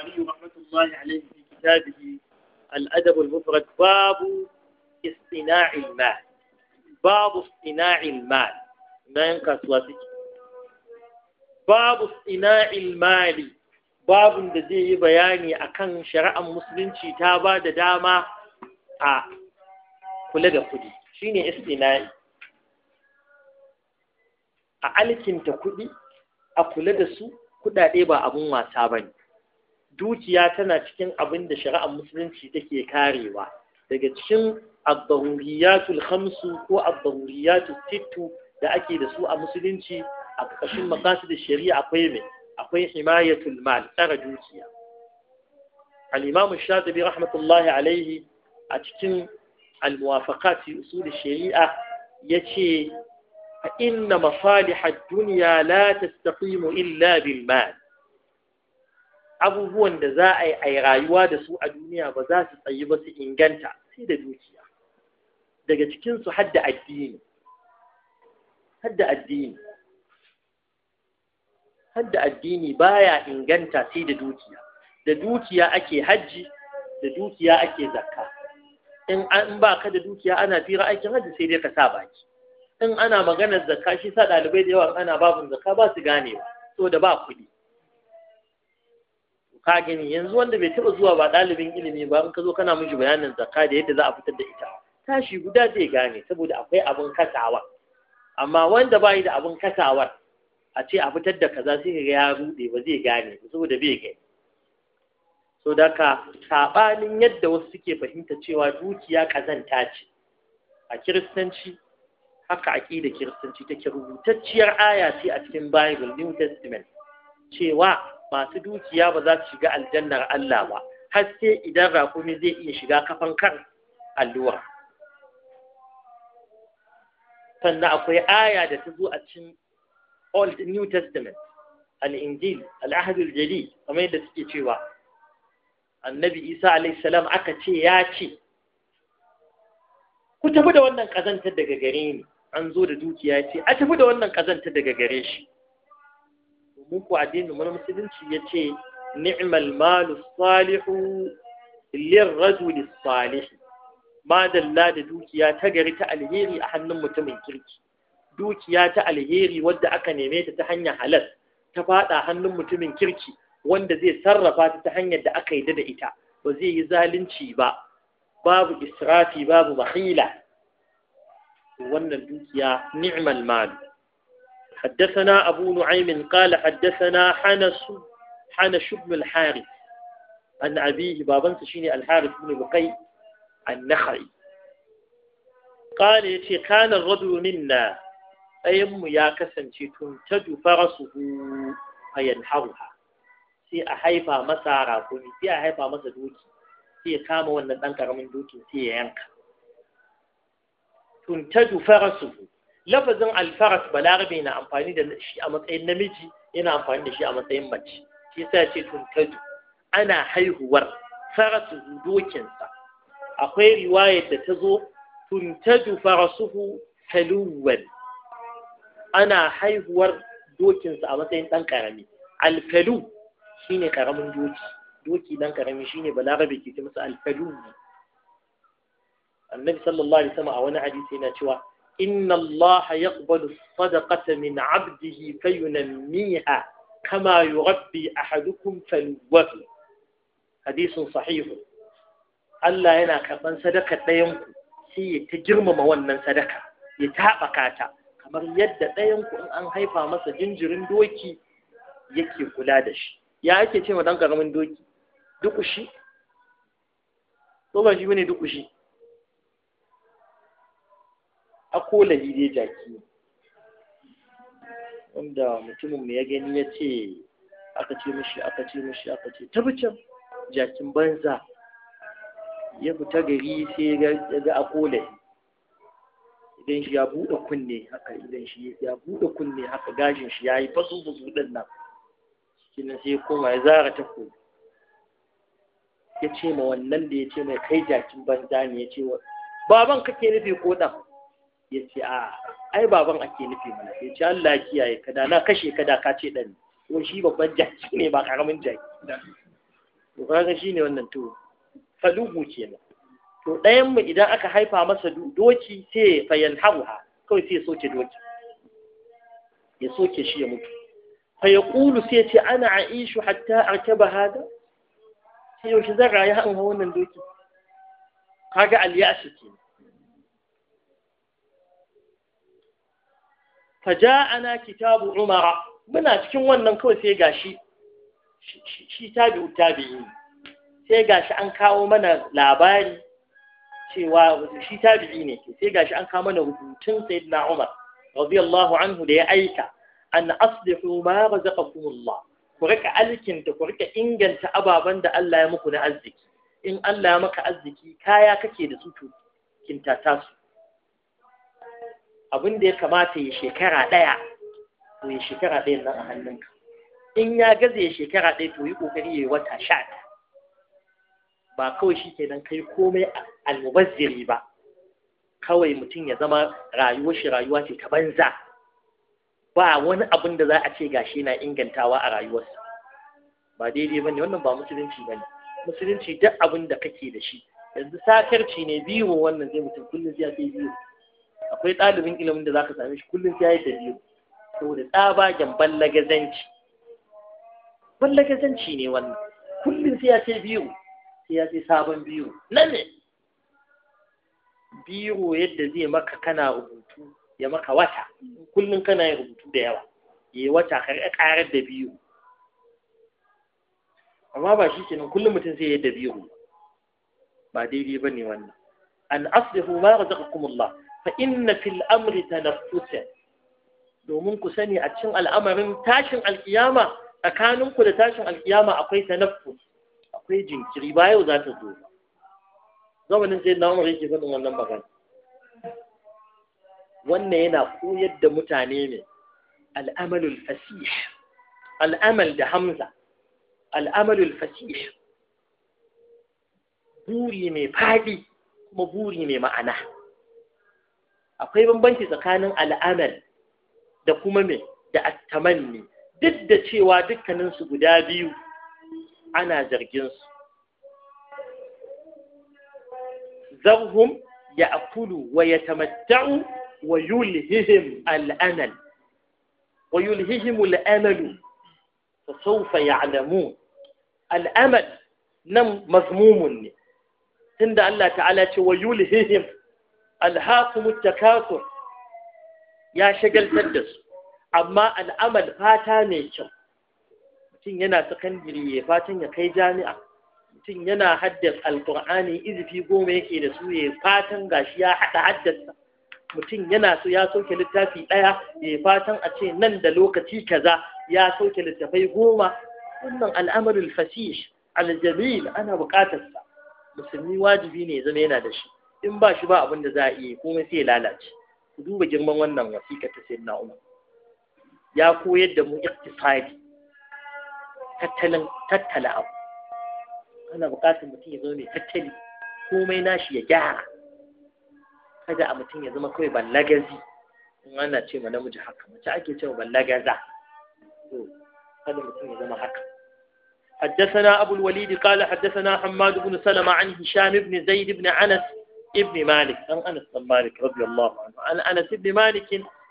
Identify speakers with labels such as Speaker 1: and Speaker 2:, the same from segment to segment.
Speaker 1: البخاري رحمة الله عليه في كتابه الأدب المفرد باب اصطناع المال باب اصطناع المال ما ينقص واسك باب اصطناع المال باب da zai yi bayani akan shari'ar musulunci ta ba da dama a kula da kudi shine istina'i a alkinta kudi a kula da su kuɗaɗe ba abin wasa ba ne dukiya tana cikin abin da shari'ar musulunci take karewa daga cikin abdururiyatul khamsu ko abdururiyatul sittu da ake da su a musulunci a ƙarƙashin maqasid shari'a akwai mai akwai himayatul mal tsara dukiya al-imam shatibi rahmatullahi alaihi a cikin al-muwafaqat fi usul shari'a yace fa inna masalih ad-dunya la tastaqimu illa bil mal abubuwan da za a yi a rayuwa da su a duniya ba za su tsayi ba su inganta sai da dukiya daga cikinsu hadda addini hadda addini hadda addini baya inganta sai da dukiya da dukiya ake hajji da dukiya ake zakka in an ba ka da dukiya ana fira aikin hajji sai dai ka sa baki in ana maganar zakka shi sa ɗalibai da yawa ana babin zakka ba su gane ba saboda ba kuɗi ka gani yanzu wanda bai taba zuwa ba ɗalibin ilimi ba in ka zo kana mishi bayanin zakka da yadda za a fitar da ita tashi guda zai gane saboda akwai abin kasawa amma wanda yi da abin kasawar a ce a fitar da kaza sai ka ga ya rude ba zai gane saboda bai gani so da ka saɓanin yadda wasu suke fahimta cewa dukiya kazanta ce a kiristanci haka da kiristanci take rubutacciyar aya ce a cikin bible new testament cewa masu dukiya ba za su shiga aljannar Allah ba har sai idan rakumi zai iya shiga kafan kan alluwa sannan akwai aya da ta zo a cikin Old New Testament al-Injil al-Ahdul Jali kamar yadda suke cewa Annabi Isa alayhi salam aka ce ya ce ku tafi da wannan kazantar daga gare ni an zo da dukiya ce a tafi da wannan kazantar daga gare shi muku addinin wani musulunci ya ce ni'mal malu salihu lirrajuli salihi madalla da dukiya ta gari ta alheri a hannun mutumin kirki dukiya ta alheri wadda aka neme ta ta hanyar halal ta fada hannun mutumin kirki wanda zai sarrafa ta ta hanyar da aka yi da ita ba zai yi zalunci ba babu israfi babu bahila wannan dukiya ni'mal malu حدثنا أبو نعيم قال حدثنا حنس حنش بن الحارث عن أبيه بابا سشيني الحارث بن بقي النخعي قال يتي كان الرجل منا أيم يا كسن تنتج فرسه فينحرها sai a haifa masa rakumi sai a haifa masa doki sai ya kama wannan ɗan ƙaramin dokin sai ya yanka tuntaju farasuhu lafazin alfaras balarabe na amfani da shi a matsayin namiji yana amfani da shi a matsayin mace shi sa ce tuntaju ana haihuwar farasu dokinsa akwai riwayar da ta zo tuntaju farasuhu faluwan ana haihuwar dokinsa a matsayin ɗan ƙarami alfalu shine ƙaramin doki doki ɗan ƙarami shine balarabe ke ce masa alfalu annabi sallallahu alaihi wasallam a wani hadisi yana cewa إن الله يقبل الصدقة من عبده فينميها كما يربي أحدكم فلوه حديث صحيح Allah yana karɓan sadakar ɗayanku sai ya ta girmama wannan sadaka ya ta kata, kamar yadda ɗayanku in an haifa masa jinjirin doki yake kula da shi ya ake ce ma dan ƙaramin doki dukushi ko ba shi bane dukushi akolali dai jaki wanda mutumin mu ya gani ya ce aka ce mishi aka ce mishi aka ce tabbacin jakin banza ya fita gari sai ya ga akolali idan shi ya buɗe kunne haka idan shi ya buɗe kunne haka gashin shi ya yi fasu fasu ɗin nan shi sai koma ya zara ko ya ce ma wannan da ya ce mai kai jakin banza ne ya ce baban kake nufi ko ɗan ya ce a ai baban ake nufi mana ya ce Allah kiyaye kada na kashe kada ka ce dan ko shi babban jaki ne ba karamin jaki to kaga shi ne wannan to falugu kenan to ɗayan mu idan aka haifa masa doki sai fayan hauha kawai sai ya soke doki ya soke shi ya mutu fa ya kulu sai ce ana aishu hatta arkaba hada sai yaushe zan rayu an wannan doki kaga aliyashi kenan faja'ana kitabu umara muna cikin wannan kawai sai gashi shi tabi'u tabi'i sai gashi an kawo mana labari cewa shi tabi'i ne sai gashi an kawo mana rubutun sayyidina Umar radiyallahu anhu da ya aika an aslihu ma razaqakumullah ku rika alkinta ku rika inganta ababen da Allah ya muku na arziki in Allah ya maka arziki kaya kake da su to su abin da ya kamata ya shekara ɗaya to ya shekara ɗaya nan a hannunka in ya gaza ya shekara ɗaya to yi ƙoƙari ya yi wata sha ba kawai shi ke nan kai komai almubazziri ba kawai mutum ya zama rayuwar shi rayuwa ce ta banza ba wani abin da za a ce gashi na ingantawa a rayuwarsa ba daidai ba ne wannan ba musulunci ba ne musulunci duk abin da kake da shi yanzu sakarci ne biyu wannan zai mutum kullum zai biyu akwai ɗalibin ilimin da zaka same shi kullum sai yayi dalili saboda tsabagen ballagazanci ballagazanci ne wannan kullum sai ya ce biyu sai ya ce sabon biyu nan ne biro yadda zai maka kana rubutu ya maka wata kullum kana yin rubutu da yawa ya yi wata har karar da biyu amma ba shi kenan kullum mutum sai yadda biyu ba daidai ba ne wannan an aslihu ma razaqakumullah fa inna fil amri tanaffusan domin ku sani a cikin al'amarin tashin alkiyama tsakaninku da tashin alkiyama akwai tanaffus akwai jinkiri ba yau za ta zo ba zamanin sai na umar yake faɗin wannan magana wannan yana koyar da mutane ne al'amalul fasih al'amal da hamza al'amalul fasih buri mai faɗi kuma buri mai ma'ana akwai bambanci tsakanin al'amal da kuma me da attamanni duk da cewa dukkaninsu guda biyu ana zargin su zarhum ya akulu wa ya tamatta'u wa yulhihim al'amal wa yulhihim al'amalu fa sawfa ya'lamun al'amal nan mazmumun ne tunda Allah ta'ala ce wa yulhihim alhaqumut takasur ya shagaltar da su amma al'amal fata mai kyau mutum yana sakandiri ya fatan ya kai jami'a mutum yana haddas alkur'ani izifi goma yake da su ya fatan gashi ya haɗa haddasa mutum yana so ya sauke littafi ɗaya ya fatan a ce nan da lokaci kaza ya sauke littafai goma wannan al'amarin fasish aljamil ana buƙatarsa musulmi wajibi ne zama yana da shi in ba shi ba abin da za a iya komai sai ya lalace ku duba girman wannan wasiƙa ta na umar ya koyar da mu iktisadi tattalin tattala abu ana buƙatar mutum ya zama mai tattali komai nashi ya gyara kada a mutum ya zama kawai ballagazi in ana ce ma namiji haka mace ake cewa ballagaza to kada mutum ya zama haka حدثنا أبو الوليد قال حدثنا حماد بن سلمة عن هشام بن زيد بن أنس ibn malik dan anas bin malik radiyallahu anhu an anas ibn malik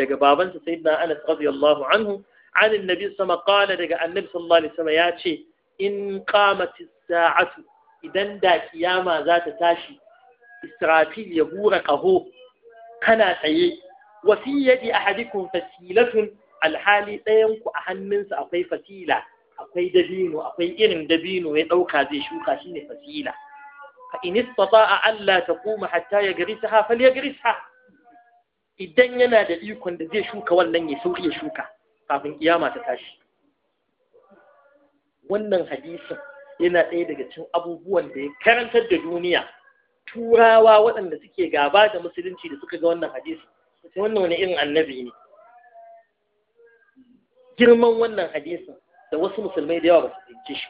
Speaker 1: daga babansa sayyidina anas radiyallahu anhu an annabi sama qala daga annabi sallallahu ya ce in qamat as idan da kiyama zata tashi israfil ya hura kaho kana tsaye wa fi yadi ahadikum fasilatun alhali ɗayan a hannunsa akwai fasila akwai dabino akwai irin dabino ya ɗauka zai shuka shine fasila فإن استطاع Allah ta kuma hatta ya ya idan yana da ikon da zai shuka wannan ya ya shuka kafin kiyama ta tashi wannan hadisin yana ɗaya daga cikin abubuwan da ya karantar da duniya turawa waɗanda suke gaba da musulunci da suka ga wannan hadisi wannan wani irin annabi ne girman wannan hadisin da wasu musulmai da yawa ba su fahimci shi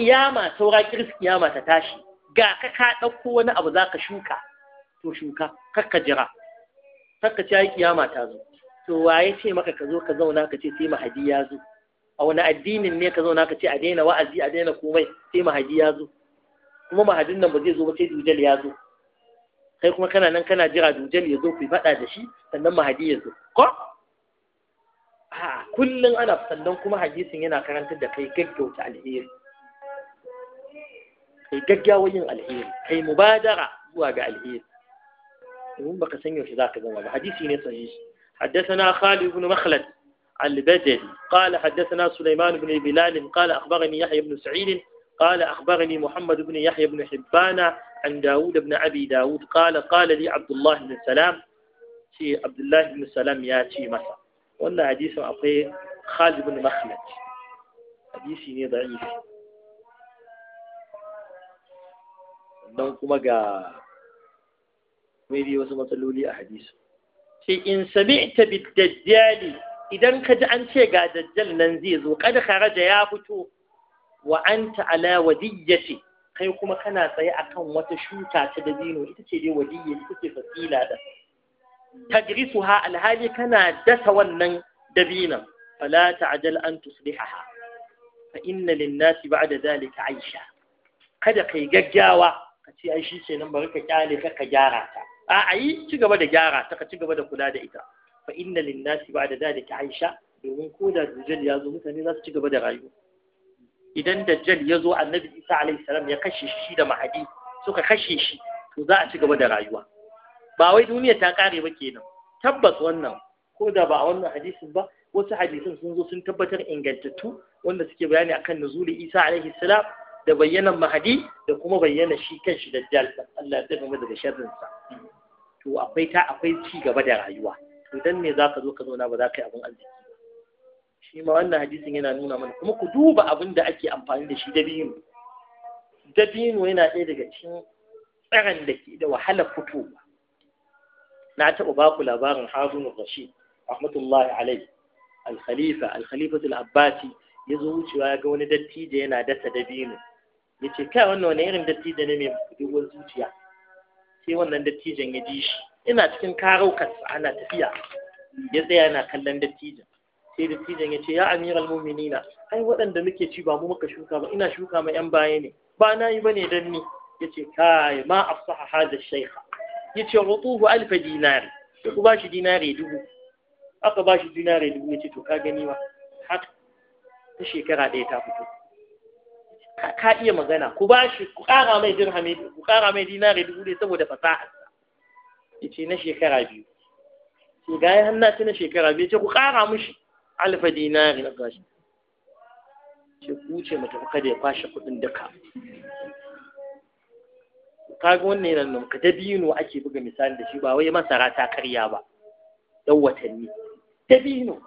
Speaker 1: kiyama saura kiris kiyama ta tashi ga ka ka ɗauko wani abu za ka shuka to shuka kakka jira kakka ce kiyama ta zo to waye ce maka ka zo ka zauna ka ce sai mahadi ya zo a wani addinin ne ka zauna ka ce a daina wa'azi a daina komai sai mahadi ya zo kuma mahadin nan ba zai zo ba sai dujal ya zo kai kuma kana nan kana jira dujal ya zo ku faɗa da shi sannan mahadi ya zo ko a kullum ana sannan kuma hadisin yana karantar da kai gaggauta alheri kai gaggawa yin alheri kai mubadara zuwa ga alheri domin baka san yaushe zaka zama حدثنا خالد بن مخلد عن البجلي قال حدثنا سليمان بن بلال قال أخبرني يحيى بن سعيد قال أخبرني محمد بن يحيى بن حبان عن داود بن أبي داود قال قال لي عبد الله بن سلام شي عبد الله بن سلام يا شي مسا وأن حديث أقول خالد بن مخلد حديثي ضعيف sannan kuma ga mai wasu matsaloli a hadisu. ce in sami'ta biddajjali idan ka ji an ce ga dajjal nan zai zo kada kharaja ya fito wa anta ala ce. kai kuma kana tsaye akan wata shuka ta dabino ita ce dai wadiyya ita ce fasila da ha alhali kana dasa wannan dabinan fala ta'jal an tuslihaha fa inna lin-nasi ba'da zalika aisha kada kai gaggawa a ce ai shi kenan bari ka kyale ka ka gyara ta a ayi ci gaba da gyara ta ka ci gaba da kula da ita fa inna linnasi ba'da zalika aisha domin ko da dajjal ya zo mutane za su ci gaba da rayuwa idan dajjal ya zo annabi isa alaihi salam ya kashe shi da mahadi suka kashe shi to za a ci gaba da rayuwa ba wai duniya ta kare ba kenan tabbas wannan ko da ba a wannan hadisin ba wasu hadisin sun zo sun tabbatar ingantattu wanda suke bayani akan nuzuli isa alaihi salam da bayyanan mahadi da kuma bayyana shi kan shi dajjal Allah ya tsare mu daga sharrinsa. to akwai ta akwai ci gaba da rayuwa to dan me zaka zo ka zauna ba za ka yi abin arziki shi ma wannan hadisin yana nuna mana kuma ku duba abin da ake amfani da shi dabino dabino yana ɗaya daga cikin tsaron da ke da wahalar fitowa na taɓa ba ku labarin harun rashid rahmatullahi alai alkhalifa alkhalifatul abbasi ya zo wucewa ya ga wani dattijo yana dasa dabino ya ce kai wannan wani irin dattijo ne mai dogon zuciya sai wannan dattijon ya ji shi ina cikin karaukarsa ana tafiya ya tsaya yana kallon dattijon sai dattijon ya ce ya amiral muminina ai waɗanda muke ci ba mu muka shuka ba ina shuka ma yan baya ne ba na yi bane dan ni ya ce kai ma afsaha hada shaykha ya ce rutuhu alfa dinari ya bashi dinari dubu aka bashi dinari dubu ya ce to ka gani ba har ta shekara ɗaya ta fito ka iya magana ku ba shi ku kara mai dirhami ku kara mai dinari dubu ne saboda fasaha yace na shekara biyu sai ga ya hanna na shekara biyu ce ku kara mishi alfa dinari na gashi ce ku ce mata kada ya kwashe kuɗin duka kaga wannan yana nan ka dabino ake buga misali da shi ba wai masara ta karya ba dan watanni dabino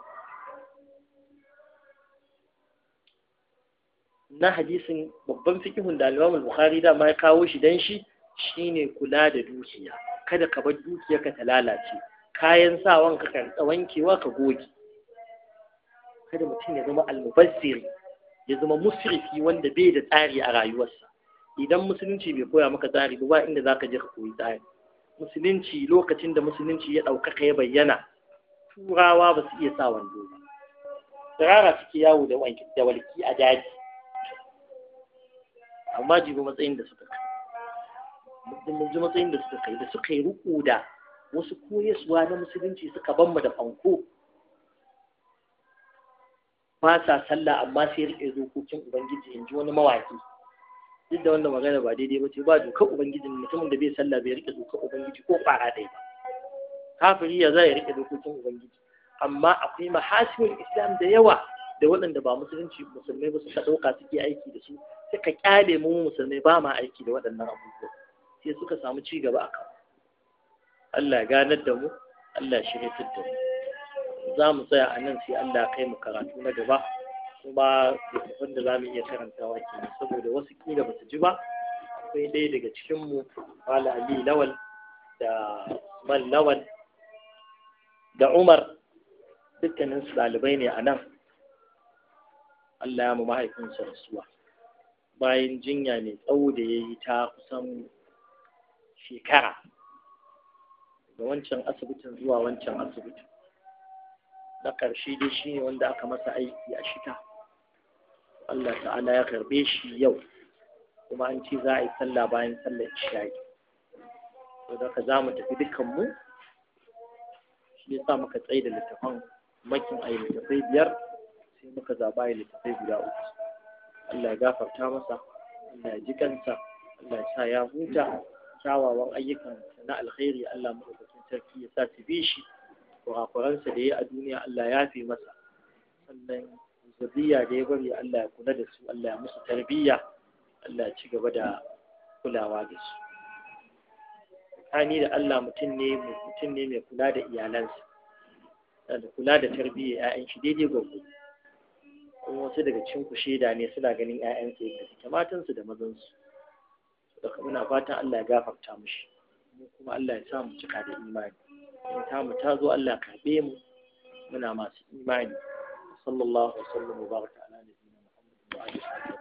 Speaker 1: na hadisin babban fikihun da alimamul Bukhari da ma ya kawo shi dan shi shine kula da dukiya kada ka bar dukiya ka ta lalace kayan sawan ka kan wankewa ka goge kada mutum ya zama almubazzir ya zama musrifi wanda bai da tsari a rayuwarsa idan musulunci bai koya maka tsari ba inda zaka je ka koyi tsari musulunci lokacin da musulunci ya ɗaukaka ya bayyana turawa ba su iya sa wando ba tsirara suke yawo da walki a daji amma jibi matsayin da suka kai mun ji matsayin da suka kai da suka yi riƙo da wasu koyaswa na musulunci suka ban mu da fanko ba sa sallah amma sai rike dokokin ubangiji in ji wani mawaki. duk da wanda magana ba daidai ba ce ba dokar ubangiji mutumin da bai sallah bai rike dokar ubangiji ko ƙwara ɗaya ba kafiri ya za ya rike dokokin ubangiji amma akwai mahasimin islam da yawa da waɗanda ba musulunci musulmai ba su ka ɗauka suke aiki da su suka kyale mu musulmai ba ma aiki da waɗannan abubuwa sai suka samu ci gaba a kan Allah ganar da mu Allah ya shirya da mu za mu tsaya a nan sai Allah kai mu karatu na gaba kuma wanda za mu iya karantawa kenan saboda wasu kila ba su ji ba akwai ɗaya daga cikinmu Mala Ali Lawal da Man Lawal da Umar dukkanin ɗalibai ne a nan Allah ya mu mahaifinsa rasuwa bayan jinya mai tsawo da ya yi ta kusan shekara da wancan asibitin zuwa wancan asibitin na ƙarshe dai shi ne wanda aka masa aiki a shita Allah ta'ala ya karbe shi yau kuma an ce za a yi sallah bayan sallar shayi to da ka za mu tafi dukkanmu shi ya sa muka tsaye da littafan makin a yi littafai biyar sai muka zaba yi littafai guda uku Allah ya gafarta masa Allah ya ji kansa Allah ya sa ya huta kyawawan ayyukan na alkhairi Allah madaukakin sarki ya sa su bi shi kurakuransa da ya a duniya Allah ya fi masa sannan zuriya da ya bari Allah ya kula da su Allah ya musu tarbiyya Allah ya ci gaba da kulawa da su tsakani da Allah mutum ne mutum ne mai kula da iyalansa da kula da tarbiyyar 'ya'yan shi daidai gwagwado kuma wasu daga cikin ku shaida ne suna ganin 'ya'yansu yadda suke matansu da mazansu daga muna fatan Allah ya gafarta mushi mu kuma Allah ya sa mu cika da imani in ta mu ta zo Allah karbe mu muna masu imani sallallahu alaihi wa sallam wa baraka ala wa alihi